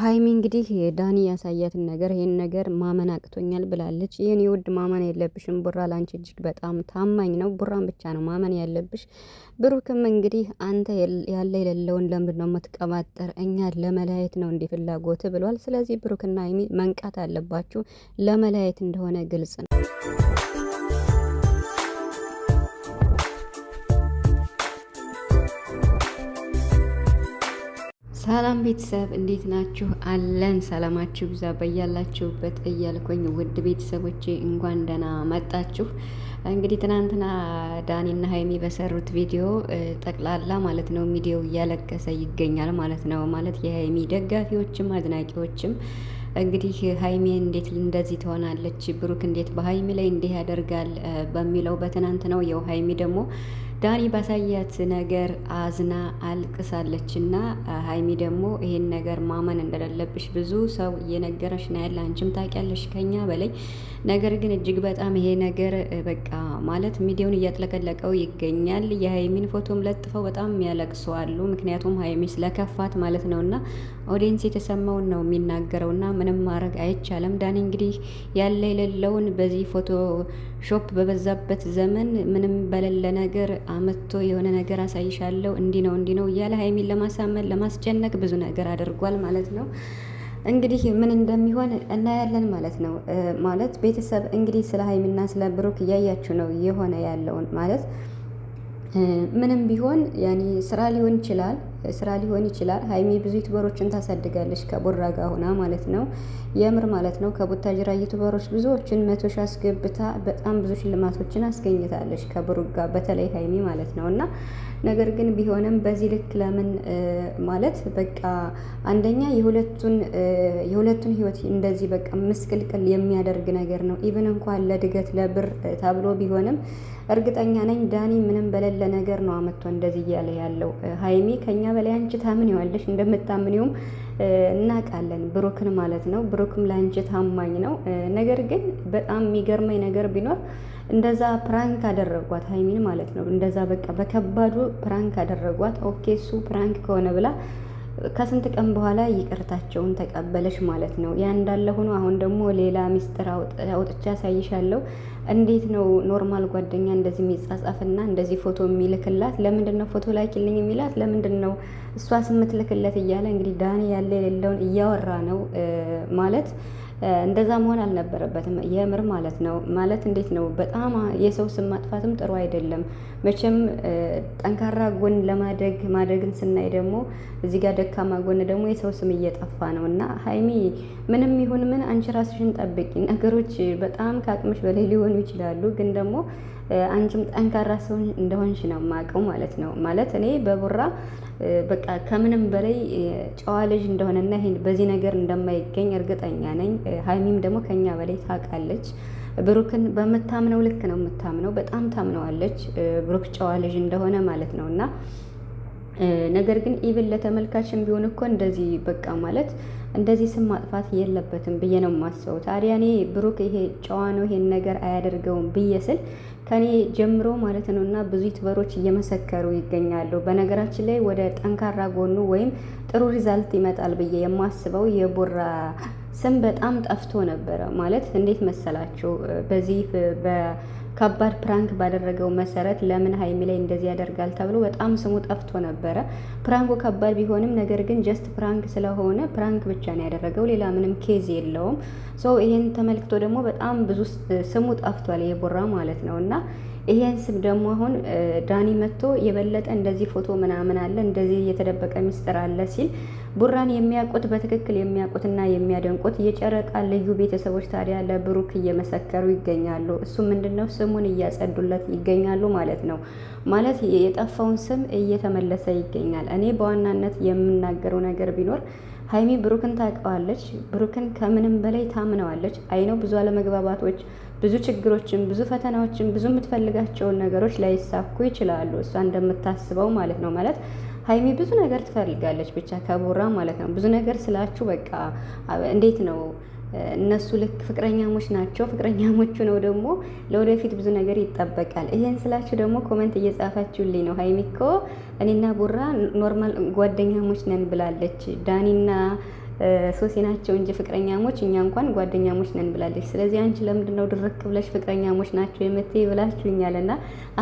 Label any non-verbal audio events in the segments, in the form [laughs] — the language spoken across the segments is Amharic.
ሀይሚ እንግዲህ ዳኒ ያሳያትን ነገር ይህን ነገር ማመን አቅቶኛል ብላለች። ይህን የውድ ማመን የለብሽም ቡራ ላንቺ እጅግ በጣም ታማኝ ነው። ቡራን ብቻ ነው ማመን ያለብሽ። ብሩክም እንግዲህ አንተ ያለ የሌለውን ለምንድን ነው የምትቀባጠር? እኛ ለመለያየት ነው እንዲህ ፍላጎት ብሏል። ስለዚህ ብሩክና ሀይሚ መንቃት አለባችሁ። ለመለያየት እንደሆነ ግልጽ ነው። ሰላም ቤተሰብ እንዴት ናችሁ? አለን ሰላማችሁ ብዛ በያላችሁበት እያልኩኝ ውድ ቤተሰቦቼ እንኳን ደህና መጣችሁ። እንግዲህ ትናንትና ዳኒና ሀይሚ በሰሩት ቪዲዮ ጠቅላላ ማለት ነው ሚዲያው እያለቀሰ ይገኛል ማለት ነው። ማለት የሀይሚ ደጋፊዎችም አድናቂዎችም እንግዲህ ሀይሚ እንዴት እንደዚህ ትሆናለች፣ ብሩክ እንዴት በሀይሚ ላይ እንዲህ ያደርጋል በሚለው በትናንት ነው የው ሀይሚ ደግሞ ዳኒ ባሳያት ነገር አዝና አልቅሳለችና ሀይሚ ደግሞ ይሄን ነገር ማመን እንደሌለብሽ ብዙ ሰው እየነገረሽ ና ያለ፣ አንቺም ታውቂያለሽ ከኛ በላይ። ነገር ግን እጅግ በጣም ይሄ ነገር በቃ ማለት ሚዲያውን እያጥለቀለቀው ይገኛል። የሀይሚን ፎቶም ለጥፈው በጣም ያለቅሰዋሉ። ምክንያቱም ሀይሚ ስለከፋት ማለት ነውና ኦዲየንስ የተሰማውን ነው የሚናገረውና ምንም ማድረግ አይቻልም። ዳኒ እንግዲህ ያለ የሌለውን በዚህ ፎቶ ሾፕ በበዛበት ዘመን ምንም በሌለ ነገር አመጥቶ የሆነ ነገር አሳይሻለሁ እንዲህ ነው እንዲህ ነው እያለ ሀይሚን ለማሳመን ለማስጨነቅ ብዙ ነገር አድርጓል ማለት ነው። እንግዲህ ምን እንደሚሆን እናያለን ማለት ነው። ማለት ቤተሰብ እንግዲህ ስለ ሀይሚና ስለ ብሩክ እያያችሁ ነው የሆነ ያለውን ማለት ምንም ቢሆን ያኔ ስራ ሊሆን ይችላል ስራ ሊሆን ይችላል። ሀይሚ ብዙ ዩቱበሮችን ታሳድጋለች ከቡራ ጋር ሆና ማለት ነው። የምር ማለት ነው። ከቡታጅራ ዩቱበሮች ብዙዎችን መቶ አስገብታ በጣም ብዙ ሽልማቶችን አስገኝታለች ከብሩጋ በተለይ ሀይሚ ማለት ነው እና ነገር ግን ቢሆንም በዚህ ልክ ለምን ማለት በቃ አንደኛ የሁለቱን የሁለቱን ህይወት እንደዚህ በቃ ምስቅልቅል የሚያደርግ ነገር ነው። ኢቭን እንኳን ለድገት ለብር ተብሎ ቢሆንም እርግጠኛ ነኝ ዳኒ ምንም በሌለ ነገር ነው አመቶ እንደዚህ እያለ ያለው። ሀይሚ ከኛ በላይ አንቺ ታምኔዋለሽ እንደምታምኔውም እናውቃለን፣ ብሩክን ማለት ነው። ብሩክም ለአንቺ ታማኝ ነው። ነገር ግን በጣም የሚገርመኝ ነገር ቢኖር እንደዛ ፕራንክ አደረጓት ሀይሚን ማለት ነው። እንደዛ በቃ በከባዱ ፕራንክ አደረጓት። ኦኬ እሱ ፕራንክ ከሆነ ብላ ከስንት ቀን በኋላ ይቅርታቸውን ተቀበለች ማለት ነው። ያ እንዳለ ሆኖ አሁን ደግሞ ሌላ ሚስጥር አውጥቻ ያሳይሻለሁ። እንዴት ነው ኖርማል ጓደኛ እንደዚህ የሚጻጻፍና እንደዚህ ፎቶ የሚልክላት? ለምንድን ነው ፎቶ ላኪልኝ የሚላት? ለምንድን ነው እሷ ስምትልክለት? እያለ እንግዲህ ዳኒ ያለ የሌለውን እያወራ ነው ማለት እንደዛ መሆን አልነበረበትም። የምር ማለት ነው። ማለት እንዴት ነው? በጣም የሰው ስም ማጥፋትም ጥሩ አይደለም መቼም። ጠንካራ ጎን ለማደግ ማደግን ስናይ ደግሞ እዚህ ጋር ደካማ ጎን ደግሞ የሰው ስም እየጠፋ ነው እና ሀይሚ ምንም ይሁን ምን አንቺ ራስሽን ጠብቂ። ነገሮች በጣም ከአቅምሽ በላይ ሊሆኑ ይችላሉ፣ ግን ደግሞ አንቺም ጠንካራ ሰው እንደሆንሽ ነው የማውቀው ማለት ነው። ማለት እኔ በቡራ በቃ ከምንም በላይ ጨዋ ልጅ እንደሆነና በዚህ ነገር እንደማይገኝ እርግጠኛ ነኝ። ሀይሚም ደግሞ ከኛ በላይ ታውቃለች። ብሩክን በምታምነው ልክ ነው የምታምነው። በጣም ታምነዋለች። ብሩክ ጨዋ ልጅ እንደሆነ ማለት ነው እና ነገር ግን ኢቭን ለተመልካችን ቢሆን እኮ እንደዚህ በቃ ማለት እንደዚህ ስም ማጥፋት የለበትም ብዬ ነው የማስበው። ታዲያ እኔ ብሩክ ይሄ ጨዋ ነው ይሄን ነገር አያደርገውም ብዬ ስል ከኔ ጀምሮ ማለት ነው እና ብዙ ዩቱበሮች እየመሰከሩ ይገኛሉ። በነገራችን ላይ ወደ ጠንካራ ጎኑ ወይም ጥሩ ሪዛልት ይመጣል ብዬ የማስበው የቦራ ስም በጣም ጠፍቶ ነበረ። ማለት እንዴት መሰላችሁ በዚህ ከባድ ፕራንክ ባደረገው መሰረት ለምን ሀይሚ ላይ እንደዚህ ያደርጋል ተብሎ በጣም ስሙ ጠፍቶ ነበረ። ፕራንኩ ከባድ ቢሆንም ነገር ግን ጀስት ፕራንክ ስለሆነ ፕራንክ ብቻ ነው ያደረገው፣ ሌላ ምንም ኬዝ የለውም። ሶ ይሄን ተመልክቶ ደግሞ በጣም ብዙ ስሙ ጠፍቷል የቦራ ማለት ነው እና ይሄን ስም ደግሞ አሁን ዳኒ መጥቶ የበለጠ እንደዚህ ፎቶ ምናምን አለ እንደዚህ የተደበቀ ሚስጥር አለ ሲል ቡራን የሚያውቁት በትክክል የሚያውቁትና የሚያደንቁት የጨረቃ ልዩ ቤተሰቦች ታዲያ ለብሩክ እየመሰከሩ ይገኛሉ። እሱ ምንድነው ስሙን እያጸዱለት ይገኛሉ ማለት ነው። ማለት የጠፋውን ስም እየተመለሰ ይገኛል። እኔ በዋናነት የምናገረው ነገር ቢኖር ሀይሚ ብሩክን ታውቀዋለች። ብሩክን ከምንም በላይ ታምነዋለች። አይነው ብዙ አለመግባባቶች ብዙ ችግሮችን፣ ብዙ ፈተናዎችን፣ ብዙ የምትፈልጋቸውን ነገሮች ላይሳኩ ይችላሉ። እሷ እንደምታስበው ማለት ነው ማለት ሀይሚ ብዙ ነገር ትፈልጋለች ብቻ ከቡራ ማለት ነው። ብዙ ነገር ስላችሁ በቃ እንዴት ነው እነሱ ልክ ፍቅረኛሞች ናቸው። ፍቅረኛሞቹ ነው ደግሞ ለወደፊት ብዙ ነገር ይጠበቃል። ይሄን ስላችሁ ደግሞ ኮመንት እየጻፋችሁልኝ ነው። ሀይሚ እኮ እኔና ቦራ ኖርማል ጓደኛሞች ነን ብላለች ዳኒና ሶሲ ናቸው እንጂ ፍቅረኛሞች እኛ እንኳን ጓደኛሞች ነን ብላለች። ስለዚህ አንቺ ለምንድን ነው ድርቅ ብለሽ ፍቅረኛሞች ናቸው የምትይ ብላችሁኛል እና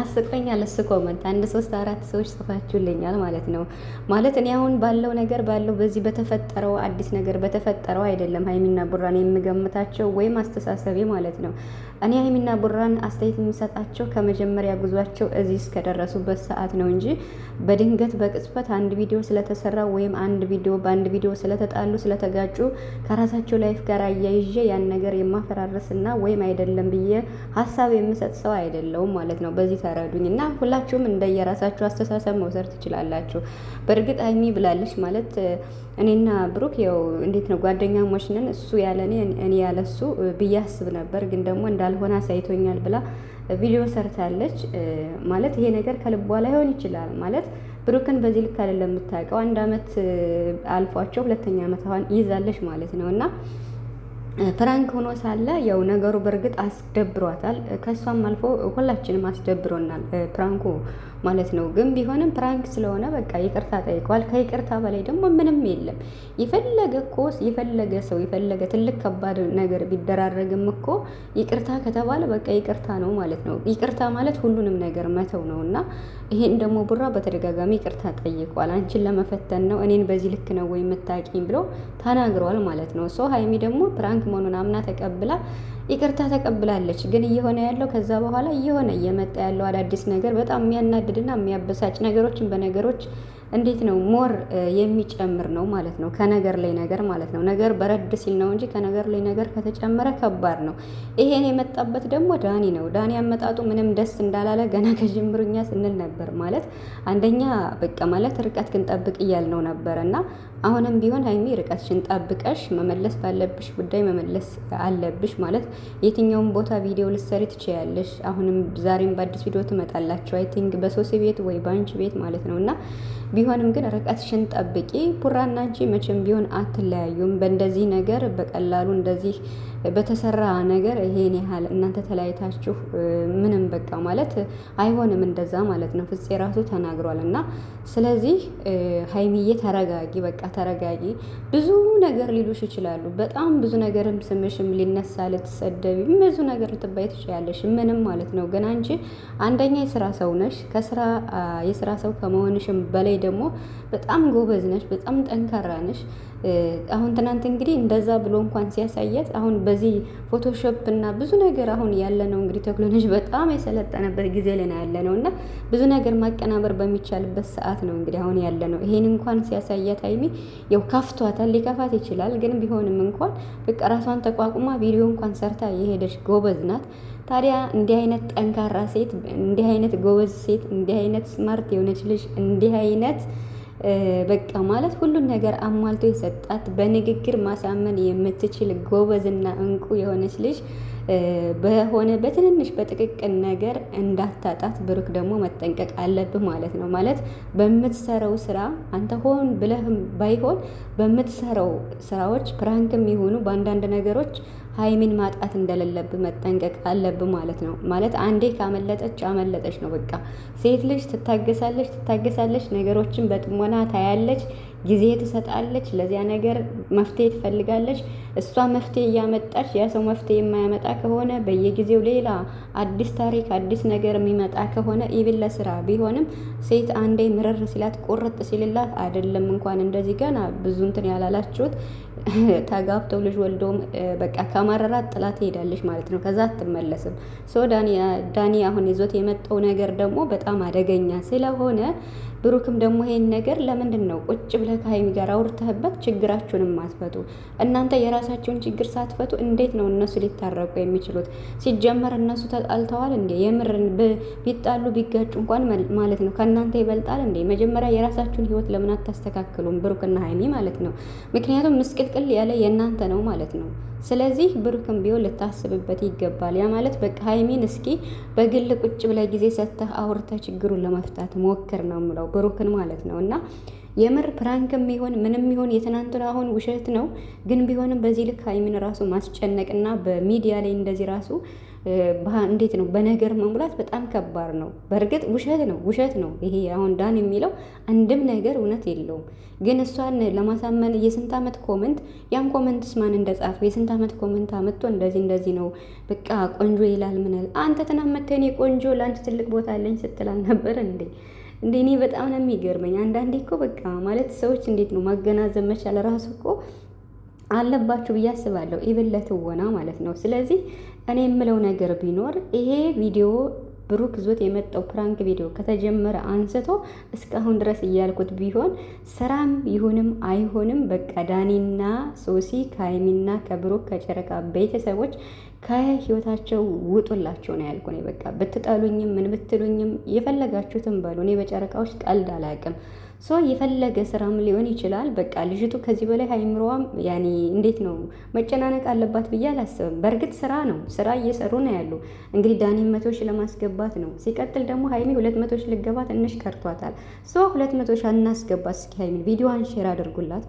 አስቆኛል። እሱ ኮመንት አንድ ሶስት አራት ሰዎች ጽፋችሁልኛል ማለት ነው። ማለት እኔ አሁን ባለው ነገር ባለው በዚህ በተፈጠረው አዲስ ነገር በተፈጠረው አይደለም ሀይሚና ቡራን የምገምታቸው ወይም አስተሳሰቤ ማለት ነው እኔ ሀይሚና ቡራን አስተያየት የሚሰጣቸው ከመጀመሪያ ጉዟቸው እዚህ እስከደረሱበት ሰዓት ነው እንጂ በድንገት በቅጽበት አንድ ቪዲዮ ስለተሰራ ወይም አንድ ቪዲዮ በአንድ ቪዲዮ ስለተጣሉ ስለተጋጩ ከራሳቸው ላይፍ ጋር አያይዤ ያን ነገር የማፈራረስና ወይም አይደለም ብዬ ሀሳብ የምሰጥ ሰው አይደለውም ማለት ነው። በዚህ ተረዱኝ እና ሁላችሁም እንደየራሳችሁ አስተሳሰብ መውሰድ ትችላላችሁ። በእርግጥ ሀይሚ ብላለች ማለት እኔና ብሩክ ያው እንዴት ነው ጓደኛሞች ነን፣ እሱ ያለ እኔ እኔ ያለ እሱ ብዬ አስብ ነበር ግን ደግሞ እንዳ እንዳልሆነ አሳይቶኛል ብላ ቪዲዮ ሰርታለች። ማለት ይሄ ነገር ከልቧ ላይሆን ይችላል ማለት ብሩክን በዚህ ልክ አይደለም የምታውቀው። አንድ አመት አልፏቸው ሁለተኛ አመት አሁን ይዛለች ማለት ነው እና ፍራንክ ሆኖ ሳለ ያው ነገሩ በእርግጥ አስደብሯታል። ከእሷም አልፎ ሁላችንም አስደብሮናል ፍራንኩ ማለት ነው። ግን ቢሆንም ፕራንክ ስለሆነ በቃ ይቅርታ ጠይቋል። ከይቅርታ በላይ ደግሞ ምንም የለም። የፈለገ እኮ የፈለገ ሰው የፈለገ ትልቅ ከባድ ነገር ቢደራረግም እኮ ይቅርታ ከተባለ በቃ ይቅርታ ነው ማለት ነው። ይቅርታ ማለት ሁሉንም ነገር መተው ነው እና ይሄን ደግሞ ቡራ በተደጋጋሚ ይቅርታ ጠይቋል። አንቺን ለመፈተን ነው እኔን በዚህ ልክ ነው ወይ የምታቂኝ ብሎ ተናግሯል ማለት ነው። ሶ ሀይሚ ደግሞ ፕራንክ መሆኑን አምና ተቀብላ ይቅርታ ተቀብላለች። ግን እየሆነ ያለው ከዛ በኋላ እየሆነ እየመጣ ያለው አዳዲስ ነገር በጣም የሚያናድድና የሚያበሳጭ ነገሮችን በነገሮች እንዴት ነው ሞር የሚጨምር ነው ማለት ነው። ከነገር ላይ ነገር ማለት ነው። ነገር በረድ ሲል ነው እንጂ ከነገር ላይ ነገር ከተጨመረ ከባድ ነው። ይሄን የመጣበት ደግሞ ዳኒ ነው። ዳኒ አመጣጡ ምንም ደስ እንዳላለ ገና ከጅምሩ እኛ ስንል ነበር ማለት አንደኛ በቃ ማለት ርቀት ግን ጠብቅ እያልነው ነበር እና አሁንም ቢሆን ሀይሚ ርቀትሽን ጠብቀሽ መመለስ ባለብሽ ጉዳይ መመለስ አለብሽ ማለት የትኛውም ቦታ ቪዲዮ ልትሰሪ ትችያለሽ። አሁንም ዛሬም በአዲስ ቪዲዮ ትመጣላችሁ። አይ ቲንክ በሶሲ ቤት ወይ በአንቺ ቤት ማለት ነው እና ቢሆንም ግን ርቀትሽን ጠብቂ። ቡራና አንቺ መቼም ቢሆን አትለያዩም። በእንደዚህ ነገር በቀላሉ እንደዚህ በተሰራ ነገር ይሄን ያህል እናንተ ተለያይታችሁ ምንም በቃ ማለት አይሆንም እንደዛ ማለት ነው። ፍፄ ራሱ ተናግሯል። እና ስለዚህ ሀይሚዬ ተረጋጊ፣ በቃ ተረጋጊ። ብዙ ነገር ሊሉሽ ይችላሉ። በጣም ብዙ ነገርም ስምሽም ሊነሳ፣ ልትሰደቢ፣ ብዙ ነገር ልትባይ ትችያለሽ። ምንም ማለት ነው። ግን አንቺ አንደኛ የስራ ሰው ነሽ። ከስራ የስራ ሰው ከመሆንሽም በላይ ደግሞ በጣም ጎበዝ ነሽ፣ በጣም ጠንካራ ነሽ። አሁን ትናንት እንግዲህ እንደዛ ብሎ እንኳን ሲያሳያት አሁን በዚህ ፎቶሾፕ እና ብዙ ነገር አሁን ያለነው እንግዲህ ቴክኖሎጂ በጣም የሰለጠነበት ጊዜ ላይ ነው እና ብዙ ነገር ማቀናበር በሚቻልበት ሰዓት ነው እንግዲህ አሁን ያለነው። ይሄን እንኳን ሲያሳያት አይሜ ያው ከፍቷታል፣ ሊከፋት ይችላል። ግን ቢሆንም እንኳን በቃ ራሷን ተቋቁማ ቪዲዮ እንኳን ሰርታ የሄደች ጎበዝ ናት። ታዲያ እንዲህ አይነት ጠንካራ ሴት፣ እንዲህ አይነት ጎበዝ ሴት፣ እንዲህ አይነት ስማርት የሆነች ልጅ እንዲህ አይነት በቃ ማለት ሁሉን ነገር አሟልቶ የሰጣት በንግግር ማሳመን የምትችል ጎበዝና እንቁ የሆነች ልጅ በሆነ በትንንሽ በጥቅቅን ነገር እንዳታጣት ብሩክ ደግሞ መጠንቀቅ አለብህ ማለት ነው። ማለት በምትሰራው ስራ አንተ ሆን ብለህም ባይሆን በምትሰራው ስራዎች ፕራንክም የሆኑ በአንዳንድ ነገሮች ሀይሚን ማጣት እንደሌለብ መጠንቀቅ አለብ ማለት ነው። ማለት አንዴ ካመለጠች አመለጠች ነው በቃ። ሴት ልጅ ትታገሳለች ትታገሳለች፣ ነገሮችን በጥሞና ታያለች። ጊዜ ትሰጣለች፣ ለዚያ ነገር መፍትሄ ትፈልጋለች። እሷ መፍትሄ እያመጣች ያ ሰው መፍትሄ የማያመጣ ከሆነ በየጊዜው ሌላ አዲስ ታሪክ አዲስ ነገር የሚመጣ ከሆነ ኢብን ለስራ ቢሆንም ሴት አንዴ ምርር ሲላት ቁርጥ ሲልላት አይደለም እንኳን እንደዚህ ገና ብዙ እንትን ያላላችሁት [laughs] ተጋብተው ልጅ ወልዶም በቃ ከማረራት ጥላ ትሄዳለች ማለት ነው። ከዛ አትመለስም። ሶ ዳኒ አሁን ይዞት የመጣው ነገር ደግሞ በጣም አደገኛ ስለሆነ ብሩክም ደግሞ ይሄን ነገር ለምንድን ነው ቁጭ ብለህ ከሀይሚ ጋር አውርተህበት ችግራችሁንም ማትፈቱ እናንተ የራሳችሁን ችግር ሳትፈቱ እንዴት ነው እነሱ ሊታረቁ የሚችሉት? ሲጀመር እነሱ ተጣልተዋል እንዴ? የምር ቢጣሉ ቢጋጩ እንኳን ማለት ነው ከእናንተ ይበልጣል እንዴ? መጀመሪያ የራሳችሁን ህይወት ለምን አታስተካክሉም? ብሩክና ሀይሚ ማለት ነው። ምክንያቱም ምስቅልቅል ያለ የእናንተ ነው ማለት ነው። ስለዚህ ብሩክም ቢሆን ልታስብበት ይገባል። ያ ማለት በቃ ሀይሚን እስኪ በግል ቁጭ ብለ ጊዜ ሰጥተህ አውርተህ ችግሩን ለመፍታት ሞክር ነው የምለው ብሩክን ማለት ነው እና የምር ፕራንክም ይሆን ምንም ይሆን የትናንትና አሁን ውሸት ነው፣ ግን ቢሆንም በዚህ ልክ ሀይሚን ራሱ ማስጨነቅና በሚዲያ ላይ እንደዚህ ራሱ እንዴት ነው በነገር መሙላት በጣም ከባድ ነው። በእርግጥ ውሸት ነው ውሸት ነው ይሄ አሁን ዳን የሚለው አንድም ነገር እውነት የለውም። ግን እሷን ለማሳመን የስንት ዓመት ኮመንት ያን ኮመንትስ ማን እንደጻፈ የስንት ዓመት ኮመንት አመጥቶ እንደዚህ እንደዚህ ነው በቃ ቆንጆ ይላል ምናል አንተ ትናመተ እኔ ቆንጆ ለአንቺ ትልቅ ቦታ አለኝ ስትላል ነበር እንዴ? እንዴ እኔ በጣም ነው የሚገርመኝ። አንዳንዴ እኮ በቃ ማለት ሰዎች እንዴት ነው ማገናዘብ መቻል ራሱ እኮ አለባችሁ ብዬ አስባለሁ። ኢቭን ለትወና ማለት ነው። ስለዚህ እኔ የምለው ነገር ቢኖር ይሄ ቪዲዮ ብሩክ ዞት የመጣው ፕራንክ ቪዲዮ ከተጀመረ አንስቶ እስካሁን ድረስ እያልኩት ቢሆን ስራም ይሁንም አይሆንም በቃ ዳኒና ሶሲ ከሀይሚና ከብሩክ ከጨረቃ ቤተሰቦች ከህይወታቸው ውጡላቸው ነው ያልኩ። እኔ በቃ ብትጠሉኝም ምን ብትሉኝም የፈለጋችሁትን በሉ። እኔ በጨረቃዎች ቀልድ አላውቅም። ሶ የፈለገ ስራም ሊሆን ይችላል። በቃ ልጅቱ ከዚህ በላይ አይምሮዋም ያኔ እንዴት ነው መጨናነቅ አለባት ብዬ አላስብም። በእርግጥ ስራ ነው፣ ስራ እየሰሩ ነው ያሉ። እንግዲህ ዳኒ መቶ ሺ ለማስገባት ነው። ሲቀጥል ደግሞ ሀይሚ ሁለት መቶ ሺ ልገባ ትንሽ ቀርቷታል። ሶ ሁለት መቶ ሺ አናስገባት እስኪ ሀይሚን ቪዲዮዋን ሼር አድርጉላት።